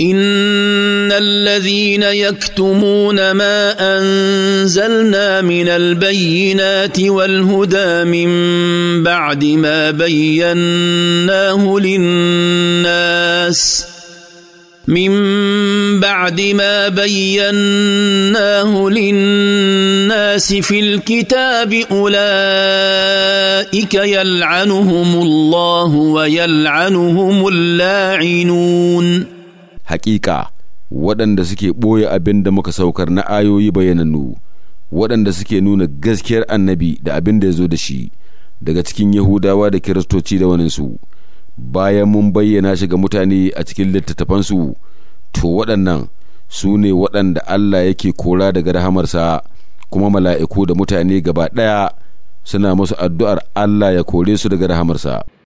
ان الذين يكتمون ما انزلنا من البينات والهدى من بعد ما بيناه للناس من بعد ما بيناه للناس في الكتاب اولئك يلعنهم الله ويلعنهم اللاعنون haƙiƙa waɗanda suke ɓoye abin da muka saukar na ayoyi bayanannu waɗanda suke nuna gaskiyar annabi da abin da ya zo da shi daga cikin yahudawa da kiristoci da waninsu bayan mun bayyana shi ga mutane a cikin littattafansu to waɗannan su ne waɗanda Allah yake kora daga rahamarsa kuma mala'iku da mutane gaba ɗaya suna musu addu'ar Allah ya kore su daga rahamarsa.